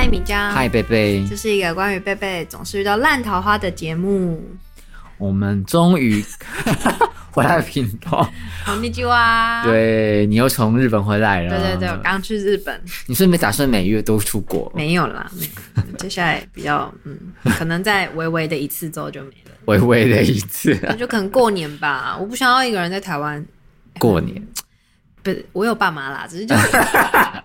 嗨米漿，嗨蓓蓓，這是一個關於蓓蓓總是遇到爛桃花的節目。我們終於 回來頻道，好 m e 啊！對你又從日本回來了，對對對，我剛去日本。你是，不是沒打算每月都出國？ 沒有啦沒，接下來比較嗯，可能再微微的一次之後就沒了，微微的一次，那就可能過年吧。啊。我不想要一個人在台灣過年，欸，不我有爸媽啦，只是就是、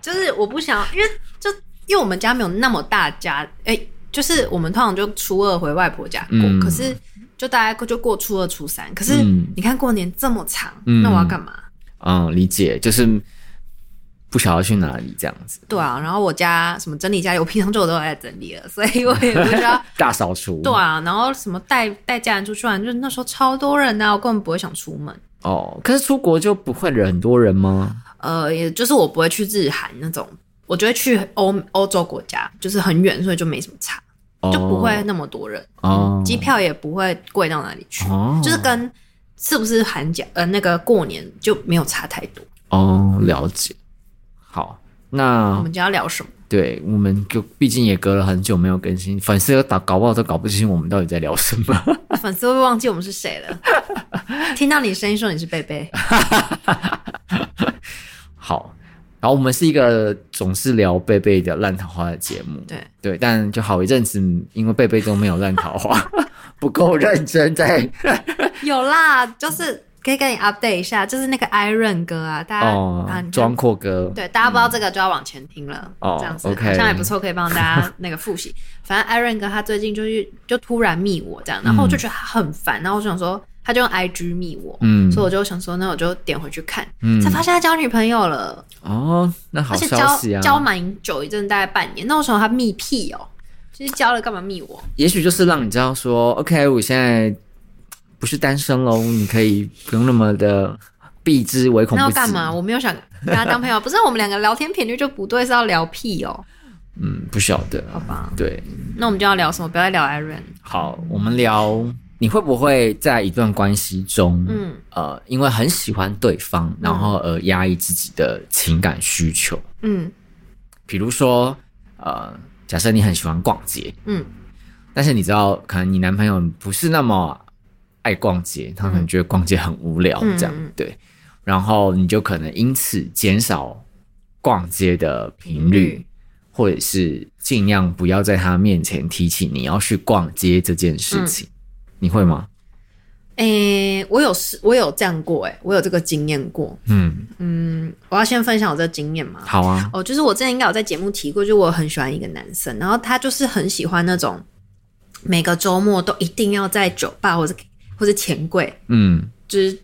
就是我不想，因為就。因為我們家沒有那麼大家，哎、欸，就是我們通常就初二回外婆家過，嗯、可是就大家就過初二、初三。可是你看過年這麼長，嗯、那我要幹嘛嗯？嗯，理解，就是不想要去哪裡這樣子。對啊，然後我家什麼整理家，我平常做的都在整理了，所以我也不知道 大掃除。對啊，然後什麼帶帶家人出去玩，就是那時候超多人吶、啊，我根本不會想出門。哦，可是出國就不會人很多人嗎？呃，也就是我不會去日韓那種。我就會去歐歐洲國家，就是很遠，所以就沒什麼差，oh, 就不會那麼多人，機、oh. 嗯、票也不會貴到哪裡去，oh. 就是跟是不是寒假呃那個過年就沒有差太多。哦、oh，了解、嗯。好，那我們就要聊什麼？對，我們就畢竟也隔了很久沒有更新，粉絲都搞不好都搞不清我們到底在聊什麼。粉 絲會忘記我們是誰了？ 聽到你聲音說你是貝貝， 好。好，我們是一個總是聊貝貝的爛桃花的節目，對對，但就好一陣子，因為貝貝都沒有爛桃花， 不夠認真在。 有啦，就是可以跟你 update 一下，就是那個 Iron 哥啊，大家哦，裝、啊、闊哥，對，大家不知道這個就要往前聽了，哦、嗯，這樣子，哦、okay, 好像也不錯，可以幫大家那個複習。 反正 Iron 哥，他最近就是就突然密我這樣，然後我就覺得他很煩，然後我就想說。他就用 IG 密我、嗯，所以我就想說，那我就點回去看，嗯、才發現他交女朋友了哦。那好消息啊，而且交蠻久一陣，大概半年。那時候他密屁哦，就是交了幹嘛密我？也許就是讓你知道說，OK，我現在不是單身嘍，你可以不用那麼的避之唯恐。那要幹嘛？我沒有想跟他當朋友， 不是我們兩個聊天頻率就不對，是要聊屁哦。嗯，不曉得。好吧。對。那我們就要聊什麼？不要再聊 Aaron。好，我們聊。你會不會在一段關係中，嗯，呃，因為很喜歡對方，然後而壓抑自己的情感需求，嗯，比如說，呃，假設你很喜歡逛街，嗯，但是你知道，可能你男朋友不是那麼愛逛街，他可能覺得逛街很無聊，這樣、嗯、對，然後你就可能因此減少逛街的頻率、嗯，或者是盡量不要在他面前提起你要去逛街這件事情。嗯你會嗎？誒、欸，我有試，我有這樣過、欸，誒，我有這個經驗過。嗯嗯，我要先分享我這個經驗嗎？好啊。哦，就是我之前應該有在節目提過，就是、我很喜歡一個男生，然後他就是很喜歡那種每個周末都一定要在酒吧或者或者錢櫃，嗯，就是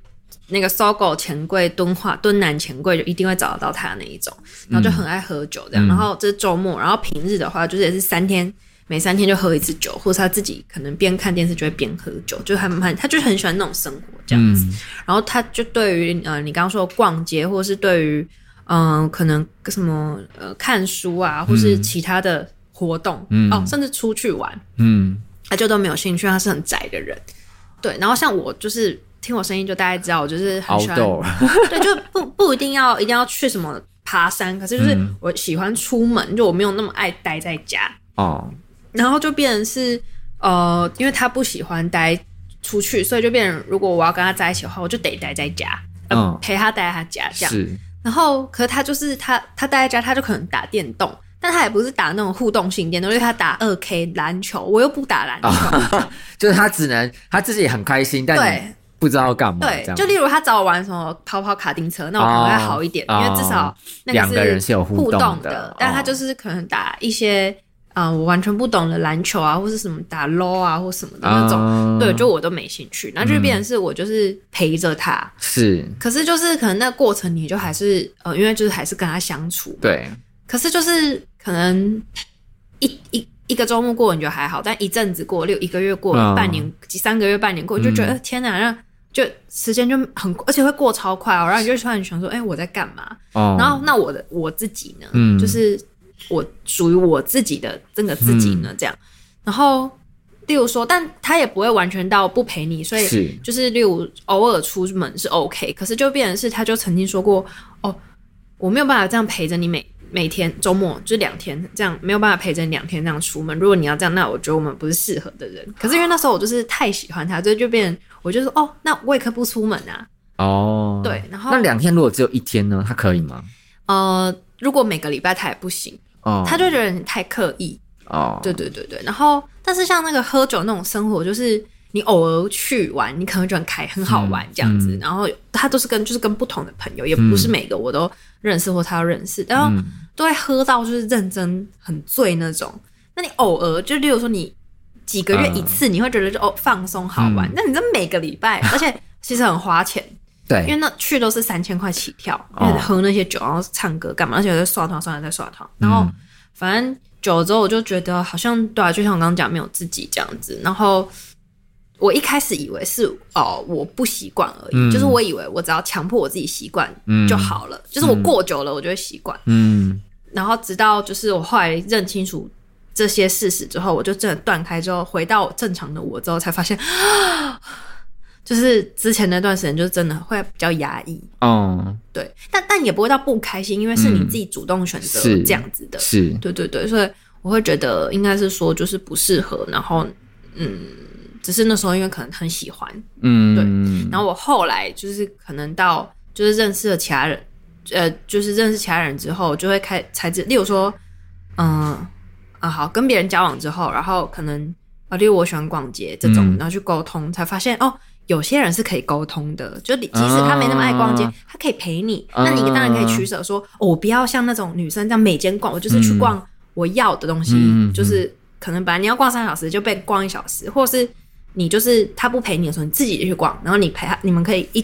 那個 SOGO 錢櫃、敦化、敦南錢櫃，就一定會找得到他的那一種，然後就很愛喝酒這樣。嗯、然後這是周末，然後平日的話就是也是三天。每三天就喝一次酒，或者他自己可能邊看電視就會邊喝酒，就很蠻，他就很喜歡那種生活這樣子。嗯、然後他就對於呃，你剛剛說逛街，或是對於嗯、呃，可能什麼呃看書啊，或是其他的活動、嗯、哦，甚至出去玩，嗯，他就都沒有興趣，他是很宅的人。對，然後像我就是聽我聲音，就大概知道我就是很喜歡，Outdoor。 對，就不不一定要一定要去什麼爬山，可是就是我喜歡出門，就我沒有那麼愛待在家哦。然後就變成是，呃，因為他不喜歡待出去，所以就變成如果我要跟他在一起的話，我就得待在家，哦呃、陪他待在他家這樣是。然後，可是他就是他，他待在家，他就可能打電動，但他也不是打那種互動性電動，因為他打二 K 籃球，我又不打籃球，哦、 就是他只能他自己很開心，但對不知道幹嘛。對，就例如他找我玩什麼跑跑卡丁車，那我可能要好一點，哦、因為至少兩個人是有互動的，但他就是可能打一些。哦啊、呃，我完全不懂的籃球啊，或是什麼打 low 啊，或什麼的那種，uh, 對，就我都沒興趣。那就變成是我就是陪着他，嗯、是。可是就是可能那個過程你就還是呃，因為就是還是跟他相處。對。可是就是可能一一一,一個周末過，你覺得還好；但一陣子過，六一個月過，uh, 半年、幾三個月、半年過，就覺得、嗯哎、天哪，那就時間就很，而且會過超快哦。然後你就突然想說，哎，我在幹嘛？Uh, 然後那我的我自己呢？嗯，就是。我屬於我自己的真的、這個、自己呢，這樣。嗯、然後，例如說，但他也不會完全到不陪你，所以就是例如偶爾出門是 OK，是可是就變成是，他就曾經說過哦，我沒有辦法這樣陪着你每，每每天周末就兩天這樣，沒有辦法陪着你兩天這樣出門。如果你要這樣，那我覺得我們不是適合的人。可是因為那時候我就是太喜歡他，所以就變，我就說哦，那我也可以不出門啊。哦，對，然後那兩天如果只有一天呢，他可以嗎？嗯、呃，如果每個禮拜他也不行。哦、oh.，他就覺得你太刻意哦，oh. 對對對對，然後但是像那個喝酒那種生活，就是你偶爾去玩，你可能就很開很好玩這樣子，嗯嗯、然後他都是跟就是跟不同的朋友，也不是每個我都認識或他都認識，嗯、然後都會喝到就是認真很醉那種。嗯、那你偶爾就例如說你幾個月一次，你會覺得就哦放鬆好玩。那、嗯、你這每個禮拜， 而且其實很花錢。對，因為那去都是三千塊起跳，哦、因為喝那些酒，然後唱歌幹嘛，哦？而且在刷攤，上團在刷攤。然後反正久了之後，我就覺得好像對啊，就像我剛剛講，沒有自己這樣子。然後我一開始以為是哦，我不習慣而已，嗯，就是我以為我只要強迫我自己習慣就好了，嗯，就是我過久了我就會習慣。嗯。然後直到就是我後來認清楚這些事實之後，我就真的斷開之後，回到正常的我之後，才發現，嗯嗯嗯 就是之前那段時間，就是真的會比較壓抑。嗯、oh.，對，但但也不會到不開心，因為是你自己主動選擇這樣子的，嗯，是。是，對對對，所以我會覺得應該是說，就是不適合。然後，嗯，只是那時候因為可能很喜歡。嗯，對。然後我後來就是可能到就是認識了其他人，呃，就是認識其他人之後，就會開才知，例如說，嗯啊，好，跟別人交往之後，然後可能啊，例如我喜歡逛街這種，然後去溝通，嗯，才發現哦。有些人是可以溝通的，就即使他沒那麼愛逛街，啊，他可以陪你，啊。那你當然可以取舍，說、啊哦，我不要像那種女生這樣每間逛，嗯，我就是去逛我要的東西，嗯，就是可能本來你要逛三小時就被逛一小時，嗯嗯，或者是你就是他不陪你的時候，你自己去逛，然後你陪他，你們可以一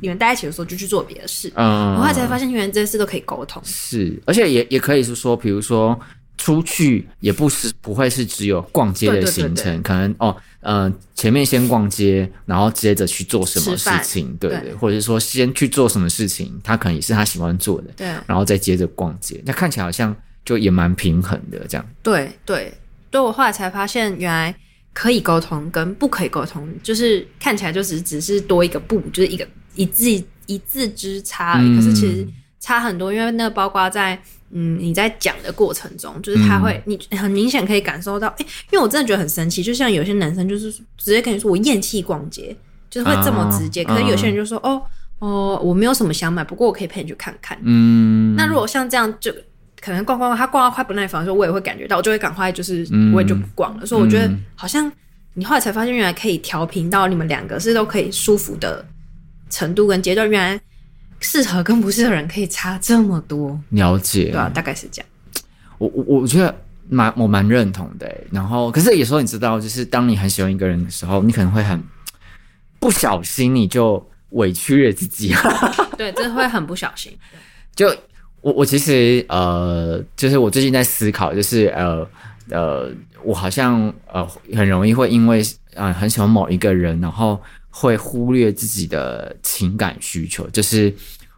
你們待一起的時候就去做別的事，啊，然後他才發現原來這些事都可以溝通。是，而且也也可以是說，比如說。出去也不是不會是只有逛街的行程，對對對對對，可能哦，嗯、呃，前面先逛街，然後接着去做什麼事情，對對，或者是說先去做什麼事情，他可能也是他喜歡做的，對，然後再接着逛街，那看起來好像就也蠻平衡的這樣。對對，所以我後來才發現，原來可以溝通跟不可以溝通，就是看起來就只只是多一個不，就是一個一字一字之差而已、嗯，可是其實差很多，因為那個包括在。嗯，你在講的過程中，就是他會，你很明顯可以感受到，誒、嗯欸，因為我真的覺得很神奇，就像有些男生就是直接跟你說我厭棄逛街，就是會這麼直接、啊，可是有些人就說，啊、哦哦，我沒有什麼想買，不過我可以陪你去看看。嗯，那如果像這樣，就可能逛逛逛，他逛到快不耐煩的時候，我也會感覺到，我就會趕快就是、嗯、我也就不逛了。所以我覺得、嗯、好像你後來才發現，原來可以調頻到你們兩個是都可以舒服的程度跟階段，原來。適合跟不適合人可以差這麼多，了解，對啊，大概是這樣。我我我覺得蠻我蠻認同的欸。然後，可是有時候你知道，就是當你很喜歡一個人的時候，你可能會很不小心，你就委屈了自己。 對，真的會很不小心。就我我其實呃，就是我最近在思考，就是呃呃，我好像呃很容易會因為呃很喜歡某一個人，然後。會忽略自己的情感需求，就是，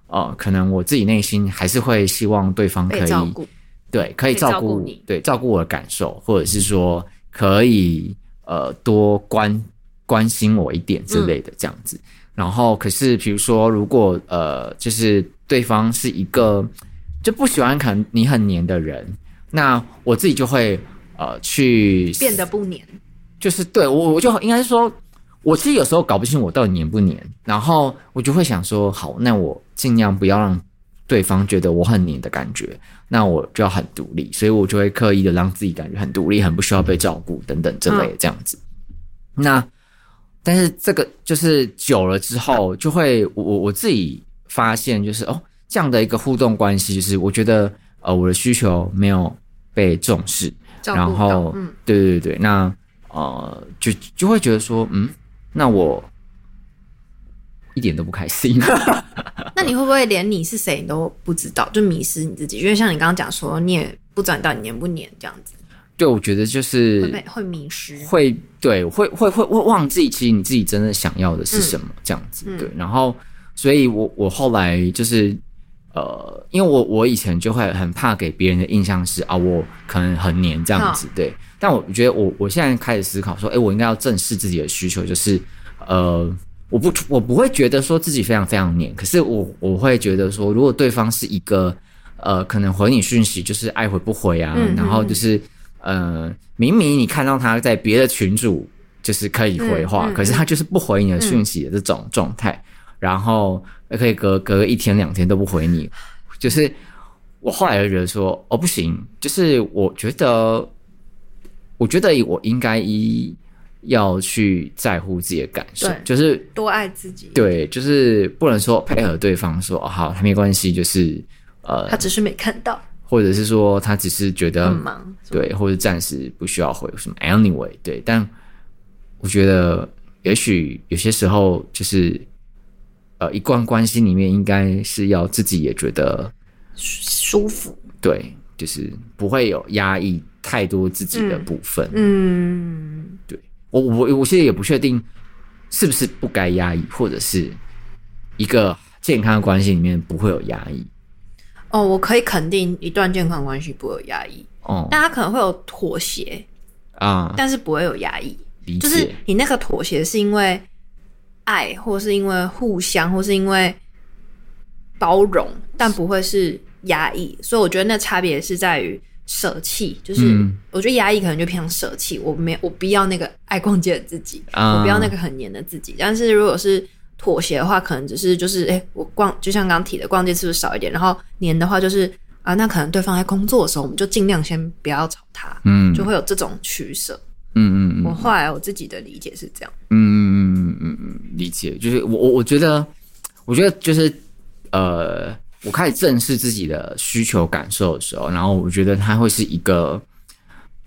呃，可能我自己內心還是會希望對方可以，照顧對可以照顧，可以照顧你，對，照顧我的感受，或者是說可以，呃，多關關心我一點之類的，嗯，這樣子。然後，可是比如說，如果呃，就是對方是一個就不喜歡，可能你很黏的人，那我自己就會呃去變得不黏，就是對我，我就應該是說。我其實有時候搞不清我到底黏不黏，然後我就會想說，好，那我盡量不要讓對方覺得我很黏的感覺，那我就要很獨立，所以我就會刻意的讓自己感覺很獨立，很不需要被照顧等等之類的這樣子。嗯、那但是這個就是久了之後，就會我我自己發現，就是哦，這樣的一個互動關係，就是我覺得呃我的需求沒有被重視、照顧，然後對對對，嗯、那呃就就會覺得說嗯。那我一點都不開心。 那你會不會連你是誰你都不知道，就迷失你自己？因為像你剛剛講說，你也不知道你到底黏不黏這樣子。對，我覺得就是會,會,會迷失，對會對會會會會忘記其實你自己真正想要的是什麼這樣子。嗯嗯、對，然後所以我，我我後來就是。呃，因為我我以前就會很怕給別人的印象是啊，我可能很黏這樣子，哦、對。但我覺得我我現在開始思考說，誒，我應該要正視自己的需求，就是呃，我不我不會覺得說自己非常非常黏，可是我我會覺得說，如果對方是一個呃，可能回你訊息就是愛回不回啊，嗯、然後就是呃，明明你看到他在別的群組就是可以回話，嗯嗯、可是他就是不回你的訊息的這種狀態。嗯嗯然後也可以隔隔個一天兩天都不回你，就是我後來就覺得說哦不行，就是我覺得我覺得我應該一要去在乎自己的感受，就是多愛自己。對，就是不能說配合對方說、嗯、哦好他沒關係，就是呃他只是沒看到，或者是說他只是覺得很忙，對，或者暫時不需要回什麼。Anyway，對，但我覺得也許有些時候就是。呃，一段關係裡面應該是要自己也覺得舒服，對，就是不會有壓抑太多自己的部分，嗯，嗯對，我我我現在也不確定是不是不該壓抑，或者是一個健康關係裡面不會有壓抑。哦，我可以肯定，一段健康關係不會有壓抑。哦、嗯，但他可能會有妥協啊、嗯，但是不會有壓抑。理解，就是你那個妥協是因為。愛，或是因為互相，或是因為包容，但不會是壓抑。所以我覺得那差別是在於捨棄，就是我覺得壓抑可能就偏向捨棄。我沒我不要那個愛逛街的自己，uh. 我不要那個很黏的自己。但是如果是妥協的話，可能只是就是，哎、欸，我逛就像剛剛提的，逛街次數少一點。然後黏的話，就是啊，那可能對方在工作的時候，我們就儘量先不要找他。嗯、uh.，就會有這種取舍。嗯嗯，我後來我自己的理解是這樣。嗯嗯。理解就是我我我覺得，我覺得就是呃，我開始正視自己的需求感受的時候，然後我覺得他會是一個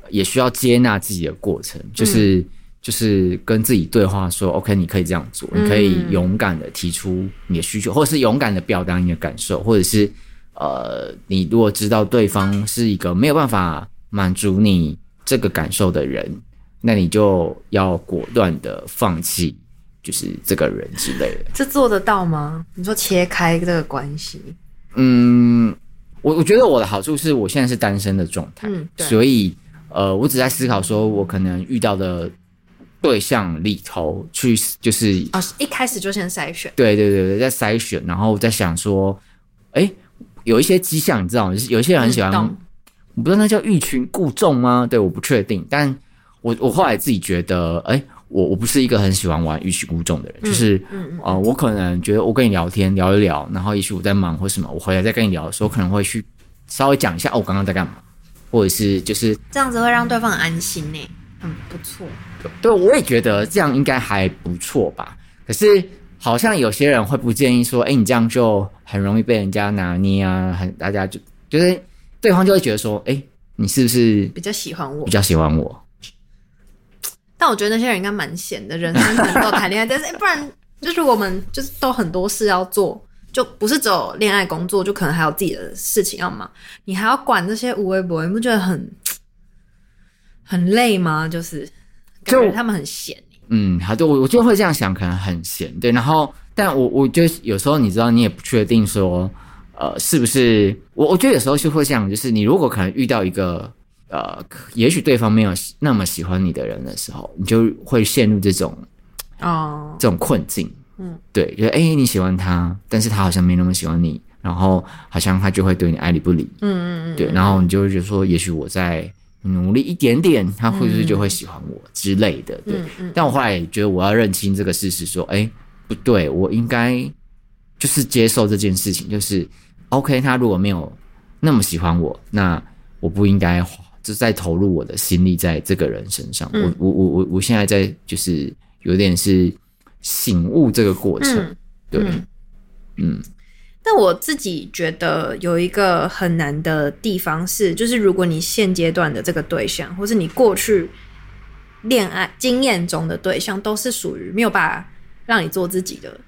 也需要接納自己的過程，就是、嗯、就是跟自己對話說，說 OK，你可以這樣做、嗯，你可以勇敢的提出你的需求，或者是勇敢的表達你的感受，或者是呃，你如果知道對方是一個沒有辦法滿足你這個感受的人，那你就要果斷的放棄。就是這個人之類的，這做得到嗎？你說切開這個關係？嗯，我我覺得我的好處是我現在是單身的狀態，嗯，對，所以呃，我只在思考說我可能遇到的對象裡頭去就是哦，一開始就先篩選，對對對對，在篩選，然後我在想說，哎，有一些跡象你知道嗎？就是有一些人很喜歡，我不知道那叫欲擒故縱嗎？對，我不確定，但我我後來自己覺得，哎。我我不是一個很喜歡玩欲擒故縱的人，嗯、就是嗯、呃，我可能覺得我跟你聊天聊一聊，然後也許我在忙或什麼，我回來再跟你聊的時候，可能會去稍微講一下哦，我剛剛在幹嘛，或者是就是這樣子會讓對方很安心呢、嗯，很不錯。對，我也覺得這樣應該還不錯吧。可是好像有些人會不建議說，哎、欸，你這樣就很容易被人家拿捏啊，很大家就就是對方就會覺得說，哎、欸，你是不是比較喜歡我？比較喜歡我。但我覺得那些人應該蠻閒的人，人能夠談戀愛。 但是，哎、欸，不然就是我們就是都很多事要做，就不是只有戀愛、工作，就可能還有自己的事情要忙。你還要管那些無微博，你不覺得很很累嗎？就是感覺他們很閒、欸。嗯，好，對，我我覺得會這樣想，可能很閒。對，然後，但我我覺得有時候你知道，你也不確定說，呃，是不是我？我覺得有時候就會想，就是你如果可能遇到一個。呃，也許對方沒有那麼喜歡你的人的時候，你就會陷入這種哦、oh. 這種困境。嗯，對，就哎、欸，你喜歡他，但是他好像沒那麼喜歡你，然後好像他就會對你愛理不理。嗯嗯嗯，對，然後你就會覺得說，也許我再努力一點點，他會不會就會喜歡我，嗯嗯，之類的？對，嗯嗯，但我後來也覺得我要認清這個事實，說，哎、欸，不對，我應該就是接受這件事情，就是 OK，他如果沒有那麼喜歡我，那我不應該。就在投入我的心力在這個人身上。嗯、我我我我我現在在就是有點是醒悟這個過程、嗯，對，嗯。但我自己覺得有一個很難的地方是，就是如果你現階段的這個對象，或是你過去戀愛經驗中的對象，都是屬於沒有辦法讓你做自己的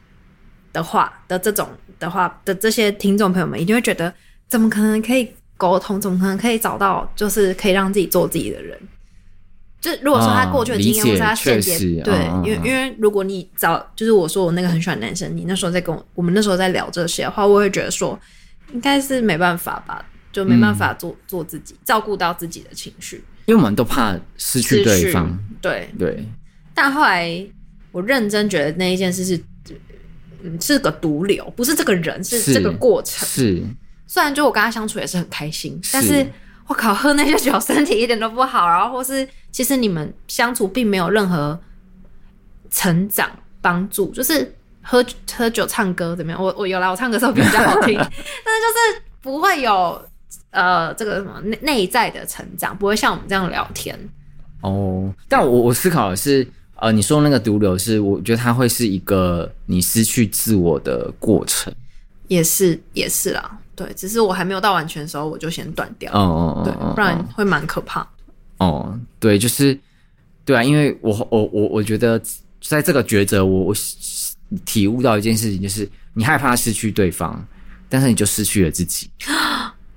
的話的這種的話的這些聽眾朋友們一定會覺得，怎麼可能可以？溝通怎麼可能可以找到？就是可以讓自己做自己的人。就如果說他過去的經驗，或者他現在對、啊，因為因為如果你找，就是我說我那個很喜歡男生，你那時候在跟我，我們那時候在聊這些話，我會覺得說，應該是沒辦法吧，就沒辦法做、嗯、做自己，照顧到自己的情緒。因為我們都怕失去對方，對對。但後來我認真覺得那一件事是，嗯，是個毒瘤，不是這個人，是這個過程是。是雖然就我跟他相處也是很開心，但是我靠喝那些酒，身體一點都不好。然後或是其實你們相處並沒有任何成長幫助，就是喝喝酒唱歌怎麼樣？我我有來我唱歌的時候比，比較好聽， 但是就是不會有呃這個什麼內內在的成長，不會像我們這樣聊天。哦，但我我思考的是呃你說那個毒瘤是，我覺得它會是一個你失去自我的過程。也是，也是啦。對，只是我還沒有到完全的時候，我就先斷掉。嗯嗯嗯，對，oh, oh, oh. 不然會蠻可怕的。哦、oh，對，就是，對啊，因為我我我、oh, oh, 我覺得在這個抉擇我，我我體悟到一件事情，就是你害怕失去對方，okay. 但是你就失去了自己。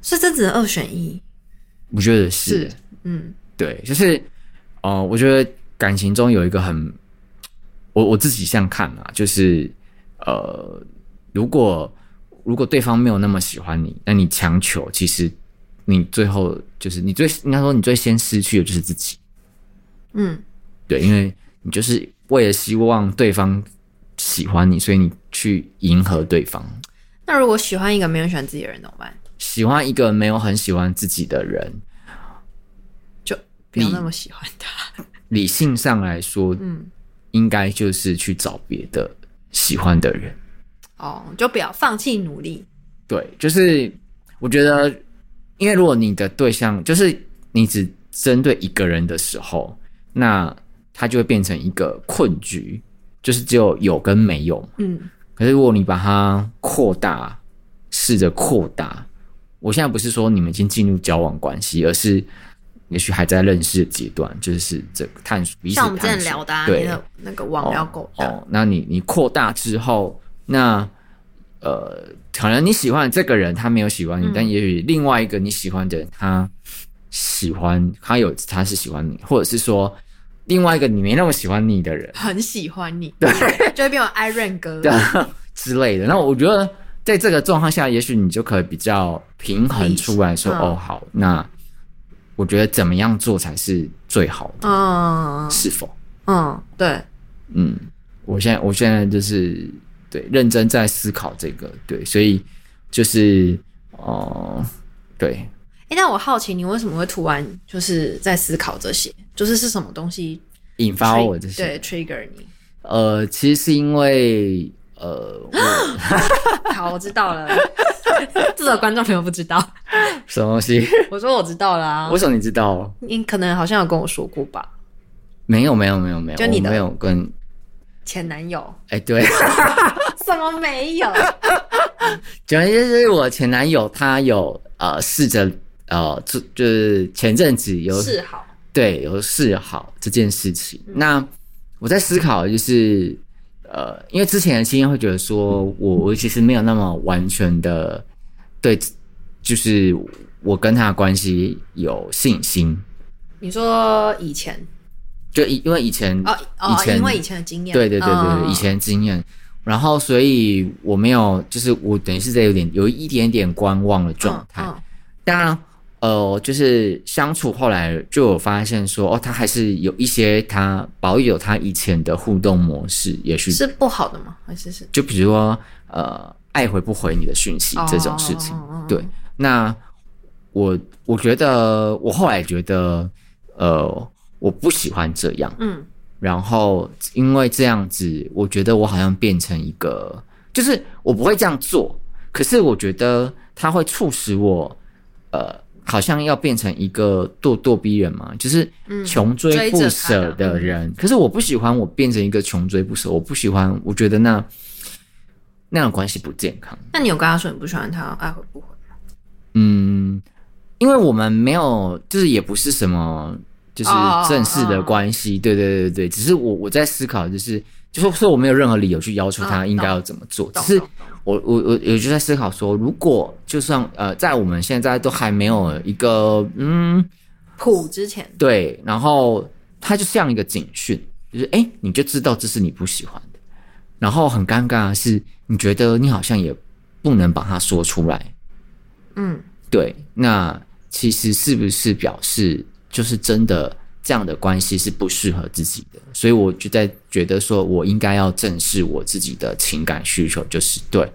是 這只能二選一？我覺得是，是嗯，對，就是，哦、呃，我覺得感情中有一個很，我我自己這樣看嘛、啊、就是，呃，如果。如果對方沒有那麼喜歡你，那你強求，其實你最後就是你最，應該說你最先失去的就是自己，嗯，對，因為你就是為了希望對方喜歡你，所以你去迎合對方。那如果喜歡一個沒有喜歡自己的人怎麼辦？喜歡一個沒有很喜歡自己的人，就不要那麼喜歡他理。理性上來說，嗯，應該就是去找別的喜歡的人。哦、oh，就不要放棄努力。對，就是我覺得，因為如果你的對象就是你只針對一個人的時候，那他就會變成一個困局，就是只有有跟沒有。嗯，可是如果你把它擴大，試着擴大，我現在不是說你們已經進入交往關係，而是也許還在認識的階段，就是這探索，彼此探索，像我們正在聊的。啊，對，你的那個網聊狗。哦、oh, oh，那你你擴大之後。那，呃，可能你喜歡這個人，他沒有喜歡你，嗯、但也許另外一個你喜歡的人，他喜歡，他有他是喜歡你，或者是說另外一個你沒那麼喜歡你的人很喜歡你，對， 就會變成艾瑞哥對、嗯、之類的。那我覺得在這個狀況下，也許你就可以比較平衡出來說、嗯，哦，好，那我覺得怎麼樣做才是最好的？嗯、是否？嗯，對，嗯，我現在我現在就是。對，認真在思考這個，對，所以就是哦、呃，對。誒、欸，那我好奇，你為什麼會突然就是在思考這些？就是是什麼東西引發我這些？對，trigger 你。呃，其實是因為呃，我 好，我知道了。 至少觀眾朋友不知道。什麼東西？我說我知道了、啊。為什麼你知道、啊？你可能好像有跟我說過吧？沒有，沒有，沒有，沒有，就你沒有跟。前男友、欸，哎，對、啊， 什麼沒有、嗯？ 主要就是我前男友他有呃試着呃，就就是前陣子有示好，對，有示好這件事情。嗯、那我在思考就是呃，因為之前的經驗會覺得說我我其實沒有那麼完全的對，就是我跟他的關係有信心。你說以前。就因為以前、哦哦、以前，因為以前的經驗，對對對對對、哦，以前經驗，然後所以我沒有，就是我等於是在有點有一點點觀望的狀態。當、哦、然、哦，呃，就是相處後來就有發現說，哦，他還是有一些他保有他以前的互動模式，也許是不好的嗎？還是是？就比如說，呃，愛回不回你的訊息、哦、這種事情，對。那我我覺得我後來覺得，呃。我不喜歡這樣，嗯，然後因為這樣子，我覺得我好像變成一個，就是我不會這樣做，可是我覺得他會促使我，呃，好像要變成一個咄咄逼人嘛，就是窮追不捨的人、嗯。可是我不喜歡我變成一個窮追不捨，我不喜歡，我覺得那那樣關係不健康。那你有跟他說你不喜歡他愛回不回來？嗯，因為我們沒有，就是也不是什麼。就是正式的關係，對對對對對，只是我我在思考，就是，就是就說說我沒有任何理由去要求他應該要怎麼做。只是我我我我就在思考說，如果就算呃，在我們現在都還沒有一個嗯譜之前，對，然後他就像一個警訊，就是哎、欸，你就知道這是你不喜歡的。然後很尷尬的是，你覺得你好像也不能把它說出來。嗯，對。那其實是不是表示？就是真的，這樣的關係是不適合自己的，所以我就在覺得說，我應該要正視我自己的情感需求，就是對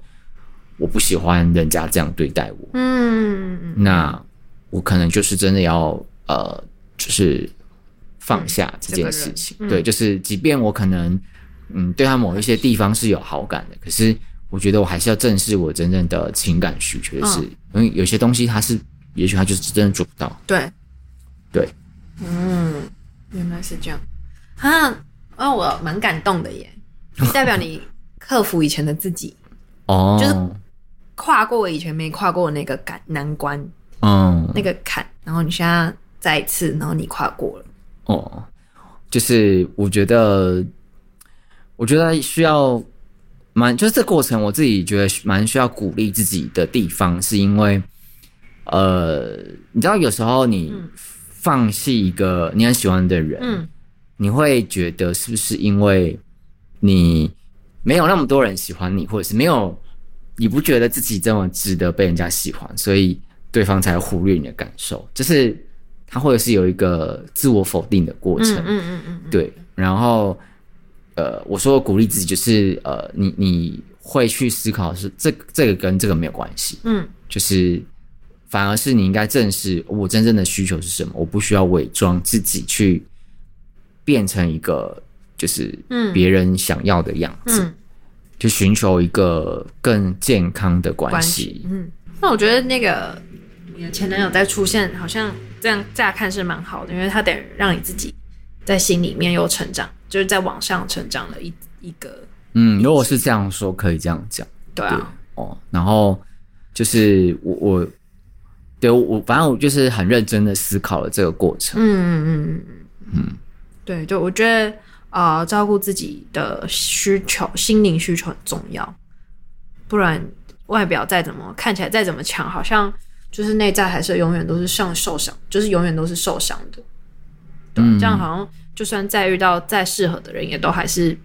我不喜歡人家這樣對待我。嗯，那我可能就是真的要呃，就是放下這件事情。嗯嗯、對，就是即便我可能嗯，對他某一些地方是有好感的，可是我覺得我還是要正視我真正的情感需求，就是、哦、因為有些東西他是，也許他就是真的做不到。對。對，嗯，原來是這樣啊！啊，哦、我蠻感動的耶，代表你克服以前的自己，哦， 就是跨過我以前沒跨過那個坎難關，嗯，那個坎，然後你現在再一次，然後你跨過了，哦、嗯，就是我覺得，我覺得需要蠻，就是這過程我自己覺得蠻需要鼓勵自己的地方，是因為，呃，你知道有時候你。嗯放棄一個你很喜歡的人，嗯，你會覺得是不是因為你沒有那麼多人喜歡你，或者是沒有你不覺得自己這麼值得被人家喜歡，所以對方才忽略你的感受？就是他會是有一個自我否定的過程，嗯嗯嗯，對。然後呃，我說的鼓勵自己就是呃，你你會去思考是這個，這個跟這個沒有關係，嗯，就是。反而是你應該正視我真正的需求是什麼，我不需要偽裝自己去變成一個就是嗯別人想要的樣子，去、嗯嗯、就尋求一個更健康的關係。嗯，那我覺得那個你的前男友在出現，好像這樣這樣看是蠻好的，因為他得讓你自己在心裡面又成長，嗯、就是在往上成長的一一個。嗯，如果是這樣說，可以這樣講。對啊對，哦，然後就是我我。對我，反正我就是很認真的思考了這個過程。嗯嗯嗯嗯嗯。對對，我覺得啊、呃，照顧自己的需求，心靈需求很重要。不然外表再怎麼看起來再怎麼強，好像就是內在還是永遠都是像受傷，就是永遠都是受傷的。對、嗯，這樣好像就算再遇到再適合的人，也都還是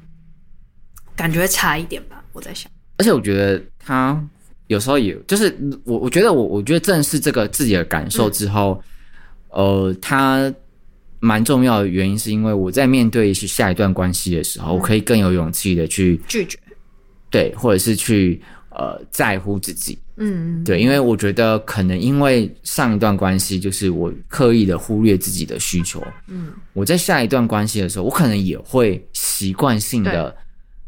感覺差一點吧。我在想，而且我覺得他。有時候也，就是我我覺得我我覺得正視這個自己的感受之後，嗯、呃，它蠻重要的原因是因為我在面對去下一段關係的時候、嗯，我可以更有勇氣的去拒絕，對，或者是去呃在乎自己，嗯，對，因為我覺得可能因為上一段關係就是我刻意的忽略自己的需求，嗯，我在下一段關係的時候，我可能也會習慣性的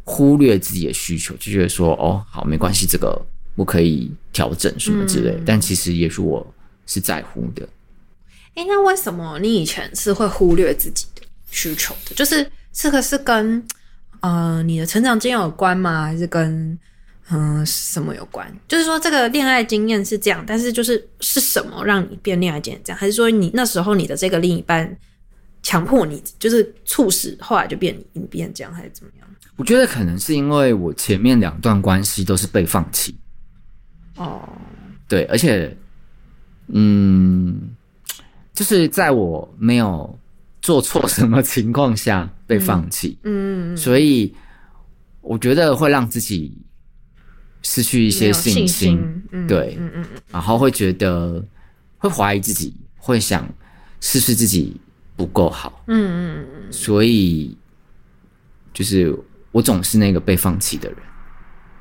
忽略自己的需求，就覺得說哦，好沒關係、嗯，這個。不可以調整什麼之類、嗯，但其實也許，我是在乎的。哎，那為什麼你以前是會忽略自己的需求的？就是這個是跟嗯你的成長經驗有關嗎？還是跟嗯什麼有關？就是說這個戀愛經驗是這樣，但是就是是什麼讓你變戀愛經驗這樣？還是說你那時候你的這個另一半強迫你，就是促使後來就變你變這樣，還是怎麼樣？我覺得可能是因為我前面兩段關係都是被放棄。哦，對，而且，嗯，就是在我沒有做錯什麼情況下被放棄，嗯嗯嗯，所以我覺得會讓自己失去一些信心，信心對，嗯嗯嗯，然後會覺得會懷疑自己，會想是不是自己不夠好，嗯嗯嗯，所以就是我總是那個被放棄的人，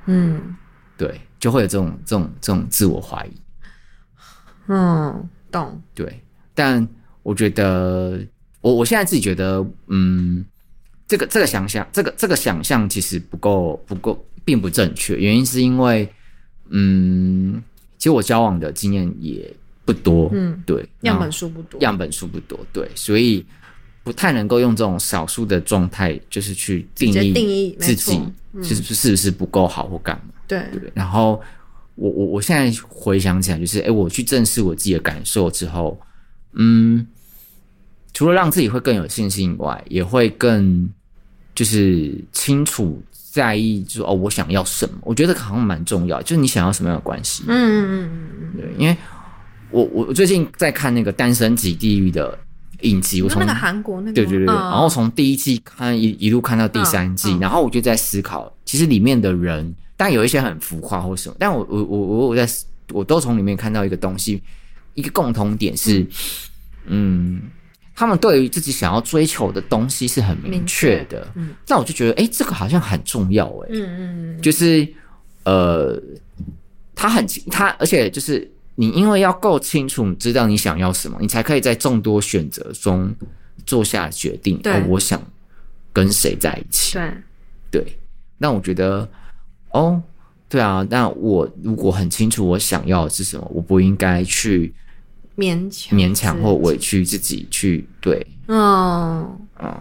嗯，對。就會有這種這種這種自我懷疑，嗯，懂，對，但我覺得我我現在自己覺得，嗯，這個這個想象，這個這個想象其實不夠不夠，並不正確。原因是因為，嗯，其實我交往的經驗也不多，嗯，對，嗯，樣本數不多，樣本數不多，對，所以。不太能夠用這種少數的狀態，就是去定義自己，是是是不是不夠好或幹嘛？嗯、對，對，對。然後我我我現在回想起來，就是哎、欸，我去正視我自己的感受之後，嗯，除了讓自己會更有信心以外，也會更就是清楚在意，就是哦，我想要什麼？我覺得好像蠻重要，就是你想要什麼樣的關係？嗯嗯嗯嗯對，因為我我最近在看那個《單身即地獄》的影集，我從那，那個韓國那個，對對對，對，oh. 然後從第一季看一一路看到第三季，oh. Oh. 然後我就在思考，其實裡面的人，但有一些很浮誇或什麼，但我我我我我在，我都從裡面看到一個東西，一個共同點是，mm. 嗯，他們對於自己想要追求的東西是很明確的，嗯，那我就覺得，哎、欸，這個好像很重要，欸，哎，嗯嗯嗯，就是，呃，他很他而且就是。你因為要夠清楚，你知道你想要什麼，你才可以在眾多選擇中做下決定。對，哦、我想跟誰在一起。對，對。那我覺得，哦，對啊，那我如果很清楚我想要的是什麼，我不應該去勉強、勉強或委屈自己去對。嗯嗯，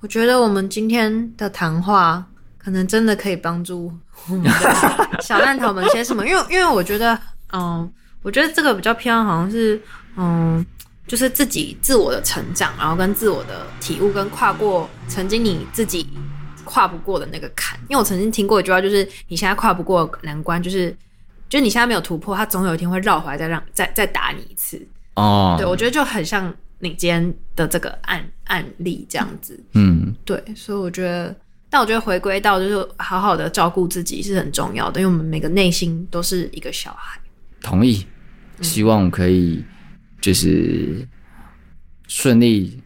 我覺得我們今天的談話可能真的可以幫助 小爛桃們些什麼，因為因為我覺得，嗯。我覺得這個比較偏，好像是，嗯，就是自己自我的成長，然後跟自我的體悟，跟跨過曾經你自己跨不過的那個坎。因為我曾經聽過一句話，就是你現在跨不過難關，就是，就是就你現在沒有突破，它總有一天會繞回來再讓再再打你一次。哦，oh，對，我覺得就很像你今天的這個案案例這樣子。嗯，hmm，對，所以我覺得，但我覺得回歸到就是好好的照顧自己是很重要的，因為我們每個內心都是一個小孩。同意，希望可以就是順利。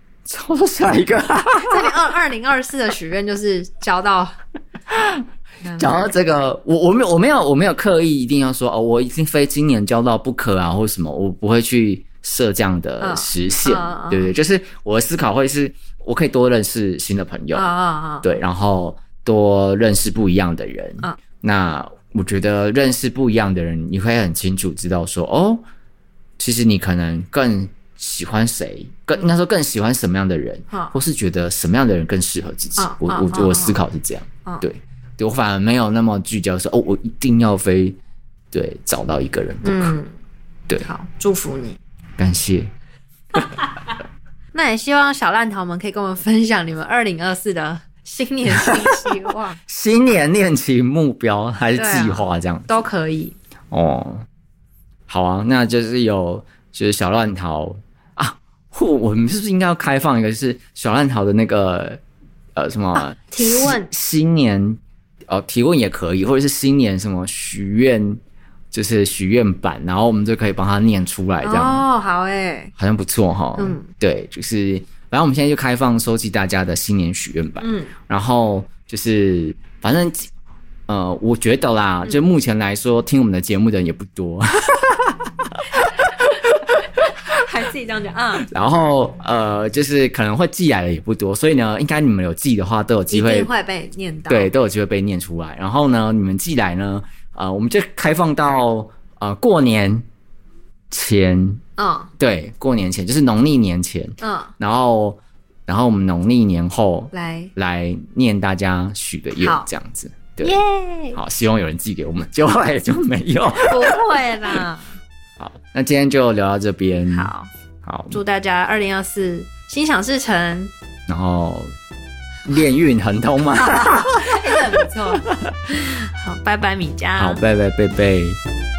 下一個、啊嗯，這你二二零二四的許願就是交到。然後這個， 我我沒有我沒有我沒有刻意一定要說哦，我已經非今年交到不可啊，或什麼，我不會去設這樣的時限，對、oh, 不、oh, oh, oh. 對，就是我的思考會是，我可以多認識新的朋友，oh, oh, oh. 對，然後多認識不一樣的人。Oh, oh, oh. 那。我覺得認識不一樣的人，你會很清楚知道說哦，其實你可能更喜歡誰，更應該說更喜歡什麼樣的人，嗯，或是覺得什麼樣的人更適合自己。哦，我我，哦，我思考是這樣，哦，對，哦，對我反而沒有那麼聚焦說哦，我一定要非，對，找到一個人不可。嗯，對，好，祝福你，感謝。 那也希望小爛桃們可以跟我們分享你們二零二四的。 新年心情，新年擬定目標還是計劃這樣， 劃這樣、啊、都可以哦。好啊，那就是有就是小爛桃啊，或我們是不是應該要開放一個，就是小爛桃的那個呃什麼、啊、提問？新，新年呃，提問也可以，或者是新年什麼許願，就是許願板，然後我們就可以幫他念出來這樣。哦，好哎、欸，好像不錯哈、哦。嗯，對，就是。反正我們現在就開放收集大家的新年許願吧。嗯，然後就是反正呃，我覺得啦、嗯，就目前來說，聽我們的節目的人也不多，嗯、 還自己這樣講啊。然後呃，就是可能會寄來的也不多，所以呢，應該你們有寄的話都有機會，會被念到，對，都有機會被念出來。然後呢，你們寄來呢，呃，我們就開放到啊、呃、過年。前，嗯、哦，對，過年前就是農曆年前，嗯、哦，然後，然後我們農曆年後來來念大家許的願，這樣子，對耶，好，希望有人寄給我們，結果後來也就沒有，不會啦？ 好，那今天就聊到這邊，好，好，祝大家二零二四心想事成，然後，連運亨通嘛，沒 錯，好，拜拜，米漿，好，拜拜，蓓蓓。